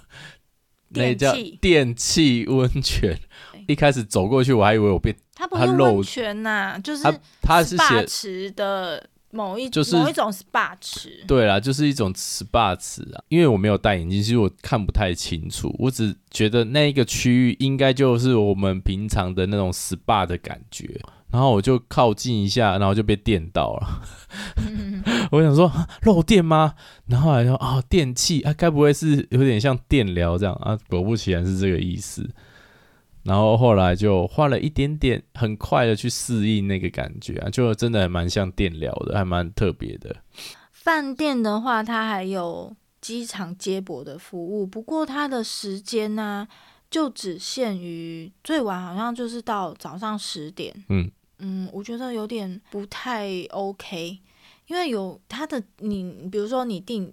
那叫電氣溫泉。對一開始走過去，我還以為我被他不用溫泉吶、啊，他露就是它是 SPA 池的某一種，某一種是 SPA 池。對啦，就是一種 SPA 池啊，因為我沒有戴眼鏡，其實我看不太清楚，我只覺得那一個區域應該就是我們平常的那種 SPA 的感覺。然後我就靠近一下，然後就被電到了。 嗯、我想說漏電嗎？然後,後來說啊，電器啊，該不會是有點像電療這樣啊？果不其然是這個意思。然後後來就花了一點點，很快的去適應那個感覺啊，就真的還蠻像電療的，還蠻特別的。飯店的話，它還有機場接駁的服務，不過它的時間呢、啊，就只限於最晚好像就是到早上十點。嗯。嗯，我覺得有點不太 OK，因為有他的你，比如說你訂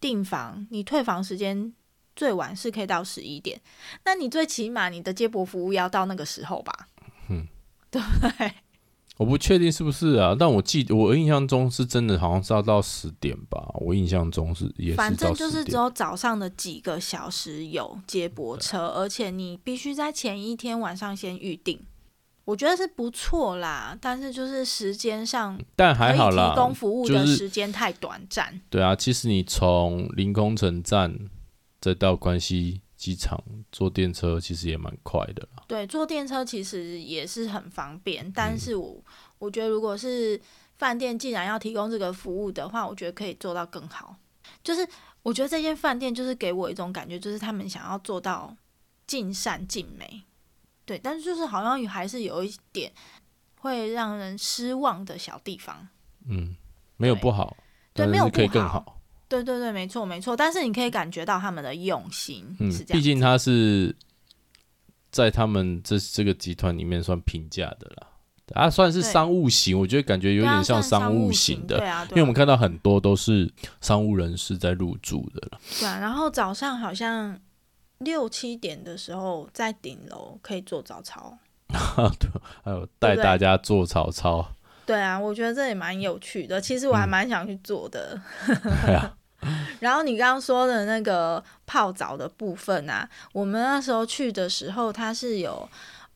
訂房，你退房時間最晚是可以到十一點，那你最起碼你的接駁服務要到那個時候吧？嗯、對。我不確定是不是啊，但我記我印象中是真的，好像是要到十點吧。我印象中是也是十點。反正就是只有早上的幾個小時有接駁車，嗯、而且你必須在前一天晚上先預定。我覺得是不錯啦，但是就是時間上，但還好啦，提供服務的時間太短暫。就是、對啊，其實你從臨空城站再到關西機場坐電車，其實也蠻快的啦。對，坐電車其實也是很方便，但是我、嗯、我覺得，如果是飯店既然要提供這個服務的話，我覺得可以做到更好。就是我覺得這間飯店就是給我一種感覺，就是他們想要做到盡善盡美。對，但是就是好像還是有一點會讓人失望的小地方。嗯，沒有不好，對，沒有可以更好。對對對，對，沒錯沒錯。但是你可以感覺到他們的用心，是這樣的、嗯。畢竟他是在他們這這個集團裡面算平價的了，啊，算是商務型，對我覺得感覺有點像商務型的，型對啊、對因為我們看到很多都是商務人士在入住的了、啊。對，對、啊，然後早上好像。六七點的時候在頂樓可以做早操，對，還有帶大家做早操對對。對啊，我覺得這也蠻有趣的。其實我還蠻想去做的。嗯、 然後你剛剛說的那個泡澡的部分啊，我們那時候去的時候，它是有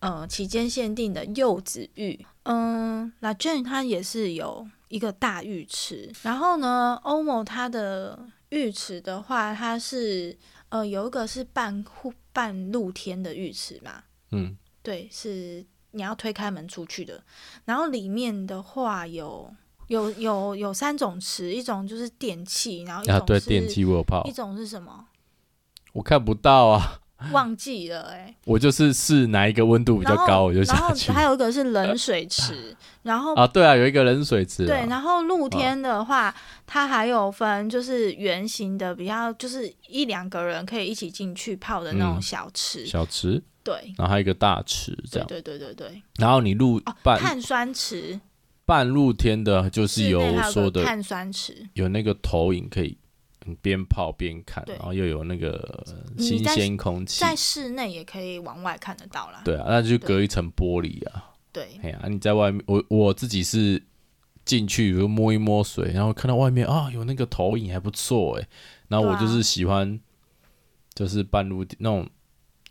呃期間限定的柚子浴。嗯，那 La Jane 它也是有一個大浴池。然後呢，OMO 它的浴池的話，它是。呃，有一個是半半露天的浴池嘛，嗯，對，是你要推開門出去的。然後裡面的話有有有有三種池，一種就是電氣，然後一種是、啊、對電氣微泡，一種是什麼？我看不到啊。忘記了哎，我就是試哪一個溫度比較高，我就下去，然後還有一個是冷水池，然後啊，對啊，有一個冷水池。對，然後露天的話，它還有分，就是圓形的，比較就是一兩個人可以一起進去泡的那種小池。小池。對，然後還有一個大池，這樣。對對對對。然後你露半，碳酸池。半露天的，就是有說的碳酸池，有那個投影可以。邊泡邊看，邊邊對然後又有那個新鮮空氣在，在室內也可以往外看得到啦，對啊，那就隔一層玻璃啊。對，哎呀、啊，你在外面，我我自己是進去，比如摸一摸水，然後看到外面啊，有那個投影還不錯哎、欸。那我就是喜歡，就是半露天、啊、那種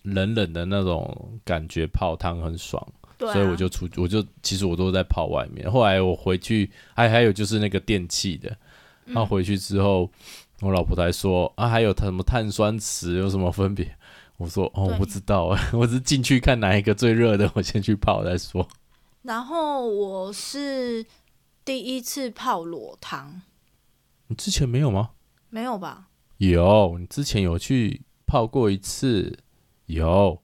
冷冷的那種感覺，泡湯很爽，啊、所以我就出，我就其實我都在泡外面。後來我回去，還還有就是那個電器的，那回去之後。嗯我老婆在說啊，還有它什麼碳酸池有什麼分別？我說哦，對我不知道，我是進去看哪一個最熱的，我先去泡再說。然後我是第一次泡裸湯。你之前沒有嗎？沒有吧？有，你之前有去泡過一次，有。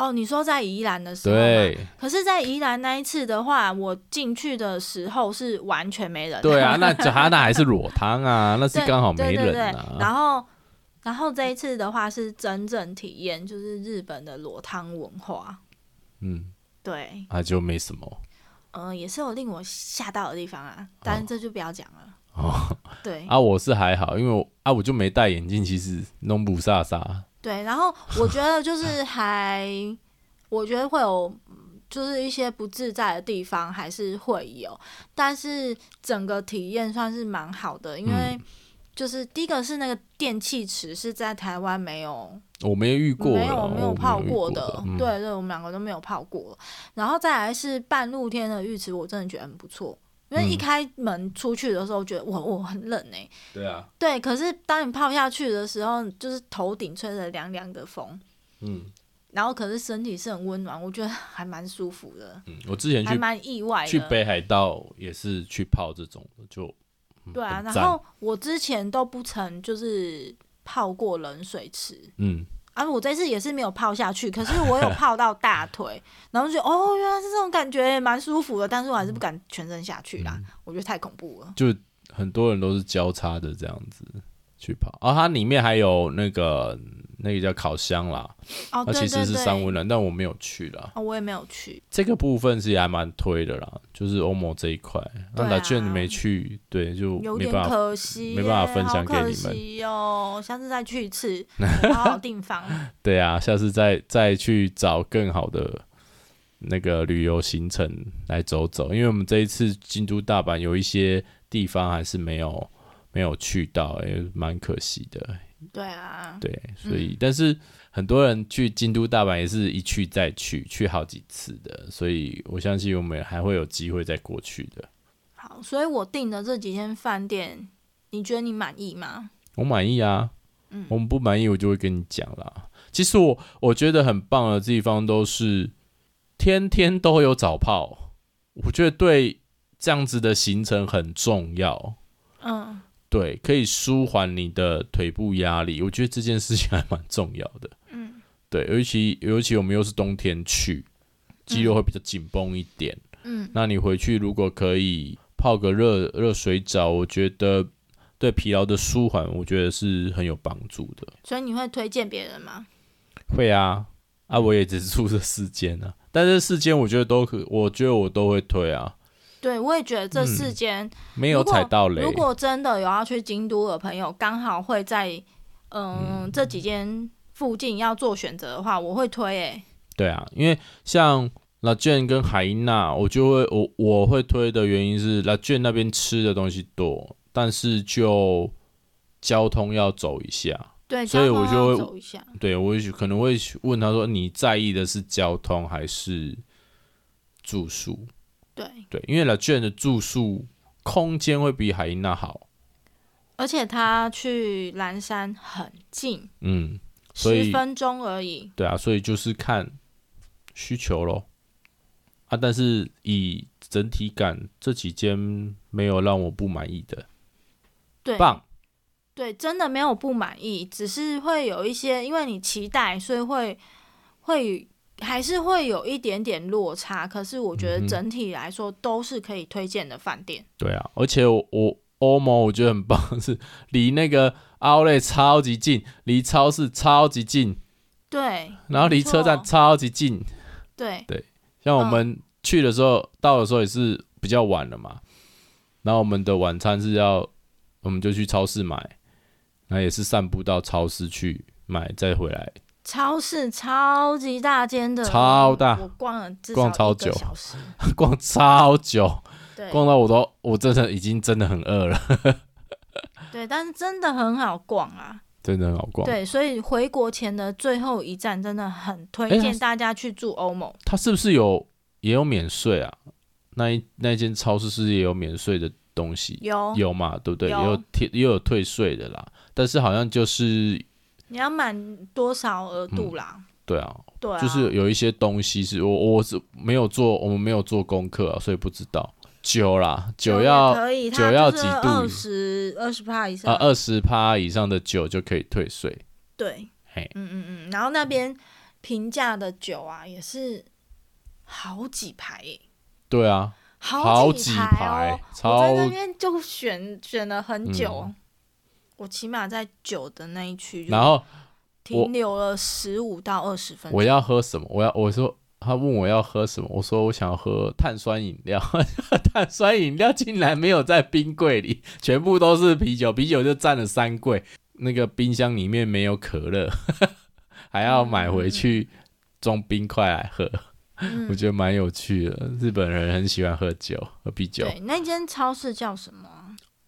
哦，你說在宜蘭的時候，對，可是，在宜蘭那一次的話，我進去的時候是完全沒人。對啊，那這海茵娜還是裸湯啊， 那是剛好沒人、啊、對對對對然後，然後這一次的話是真正體驗，就是日本的裸湯文化。嗯，對，那就沒什麼。嗯、呃，也是有令我嚇到的地方啊，但是這就不要講了哦。哦，對啊，我是還好，因為啊，我就沒戴眼鏡，其實弄不煞煞。對，然後我覺得就是還，我覺得會有，就是一些不自在的地方還是會有，但是整個體驗算是蠻好的，因為就是第一個是那個電氣池是在台灣沒有，我沒有遇過，沒有沒有泡過的，對對，我們兩個都沒有泡過了，嗯，然後再來是半露天的浴池，我真的覺得很不錯。因為一開門出去的時候，嗯、覺得我我很冷呢、欸。對啊。對，可是當你泡下去的時候，就是頭頂吹着涼涼的風。嗯。然後，可是身體是很溫暖，我覺得還蠻舒服的。嗯，我之前還蠻意外的。去北海道也是去泡這種的，就。對啊，然後我之前都不曾就是泡過冷水池。嗯。但是、啊、我這次也是沒有泡下去，可是我有泡到大腿， 然後就哦，原來是這種感覺，也蠻舒服的，但是我還是不敢全身下去啦，嗯、我覺得太恐怖了。就很多人都是交叉的這樣子。去跑，啊、哦，它裡面還有那個那個叫烤箱啦，那、哦、其實是三溫暖，對對對，但我沒有去了、哦，我也沒有去。這個部分是也蠻推的啦，就是歐盟這一塊，那 LA'GENT 沒去，對，就有點可惜，沒辦法分享給你們。哦，下次再去一次，好好訂房。 對啊，下次再再去找更好的那個旅遊行程來走走，因為我們這一次京都大阪有一些地方還是沒有沒有去到，也蠻可惜的。對啊，對，所以、嗯、但是很多人去京都、大阪也是一去再去，去好幾次的，所以我相信我們還會有機會再過去的。好，所以我訂的這幾天飯店，你覺得你滿意嗎？我滿意啊，嗯，我們不滿意我就會跟你講啦。其實我我覺得很棒的地方都是，天天都會有早炮，我覺得對這樣子的行程很重要，嗯。對，可以舒緩你的腿部壓力，我覺得這件事情還蠻重要的。嗯，對，尤其尤其我們又是冬天去，肌肉會比較緊繃一點。嗯，那你回去如果可以泡個熱熱水澡，我覺得對疲勞的舒緩，我覺得是很有幫助的。所以你會推薦別人嗎？會啊，啊，我也只是住這四間啊，但這四間我覺得都可，我覺得我都會推啊。對，我也覺得這四間、嗯、沒有踩到雷。如果真的有要去京都的朋友，剛好會在、呃、嗯這幾間附近要做選擇的話，我會推誒、欸。對啊，因為像拉捲跟海茵娜，我就會我我會推的原因是拉捲那邊吃的東西多，但是就交通要走一下。對，所以我就會走一下。對，我可能會問他說，你在意的是交通還是住宿？對，對，因為 La'gent 的住宿空間會比海茵娜好，而且他去嵐山很近，嗯，十分鐘而已。對啊，所以就是看需求咯。啊。但是以整體感，這幾間沒有讓我不滿意的，對，棒，對，真的沒有不滿意，只是會有一些因為你期待，所以會會。還是會有一點點落差，可是我覺得整體來說都是可以推薦的飯店，嗯。對啊，而且我我 OMO 我覺得很棒，是離那個 outlet 超級近，離超市超級近，對，然後離車站超級近，對錯對。像我們去的時候，嗯、到的時候也是比較晚了嘛，然後我們的晚餐是要，我們就去超市買，那也是散步到超市去買，再回來。超市超級大間的，超大，我逛了逛超久， 逛超久，對逛到我都，我真的已經真的很餓了。 對，但是真的很好逛啊，真的很好逛。對，所以回國前的最後一站，真的很推薦大家去住 OMO、欸，它。它是不是有也有免稅啊？那一那間超市是不是也有免稅的東西？有有嘛？對不對？有，也有，也有退又有退稅的啦，但是好像就是。你要滿多少額度啦，嗯？對啊，對啊，就是有一些東西是我我是沒有做，我們沒有做功課，啊，所以不知道。酒啦，酒要酒，可以酒要幾度？二十、二十趴以上啊，二十趴以上的酒就可以退稅。對，嘿，嗯嗯嗯，然後那邊平價的酒啊，也是好幾排，欸。對啊，好幾排，喔，超我在那邊就選選了很久。嗯我起碼在酒的那一區，然後停留了十五到二十分鐘。我要喝什麼？我要我說，他問我要喝什麼，我說我想要喝碳酸飲料。 碳酸飲料竟然沒有在冰櫃裡，全部都是啤酒，啤酒就佔了三櫃。那個冰箱裡面沒有可樂， 還要買回去裝冰塊來喝，嗯，我覺得蠻有趣的。日本人很喜歡喝酒，喝啤酒。對，那間超市叫什麼？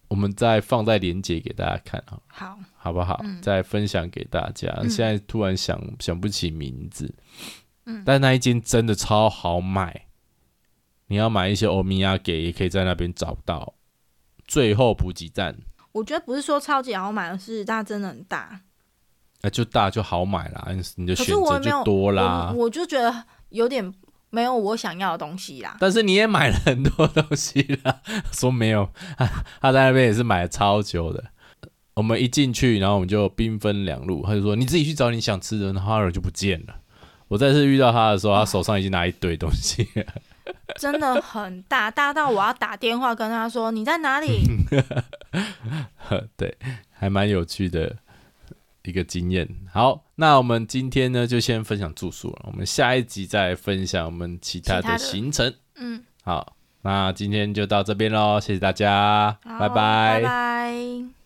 我們再放在鏈接給大家看好，好，好不好？嗯、再分享給大家。現在突然想，嗯、想不起名字，嗯、但那一間真的超好買。嗯、你要買一些歐米亞給，也可以在那邊找到。最後補給站，我覺得不是說超級好買，而是它真的很大。那，欸、就大就好買啦，你的選擇就多啦，我有有我。我就覺得有點。沒有我想要的東西啦，但是你也買了很多東西啦。他說沒有，他、他在那邊也是買了超久的。我們一進去，然後我們就兵分兩路，他就說你自己去找你想吃的。那哈爾就不見了。我再次遇到他的時候，他手上已經拿一堆東西，啊，真的很大，大到我要打電話跟他說你在哪裡。 對，還蠻有趣的。一個經驗。好，那我們今天呢就先分享住宿了，我們下一集再分享我們其他的行程。嗯，好，那今天就到這邊嘍，謝謝大家，拜拜好拜拜。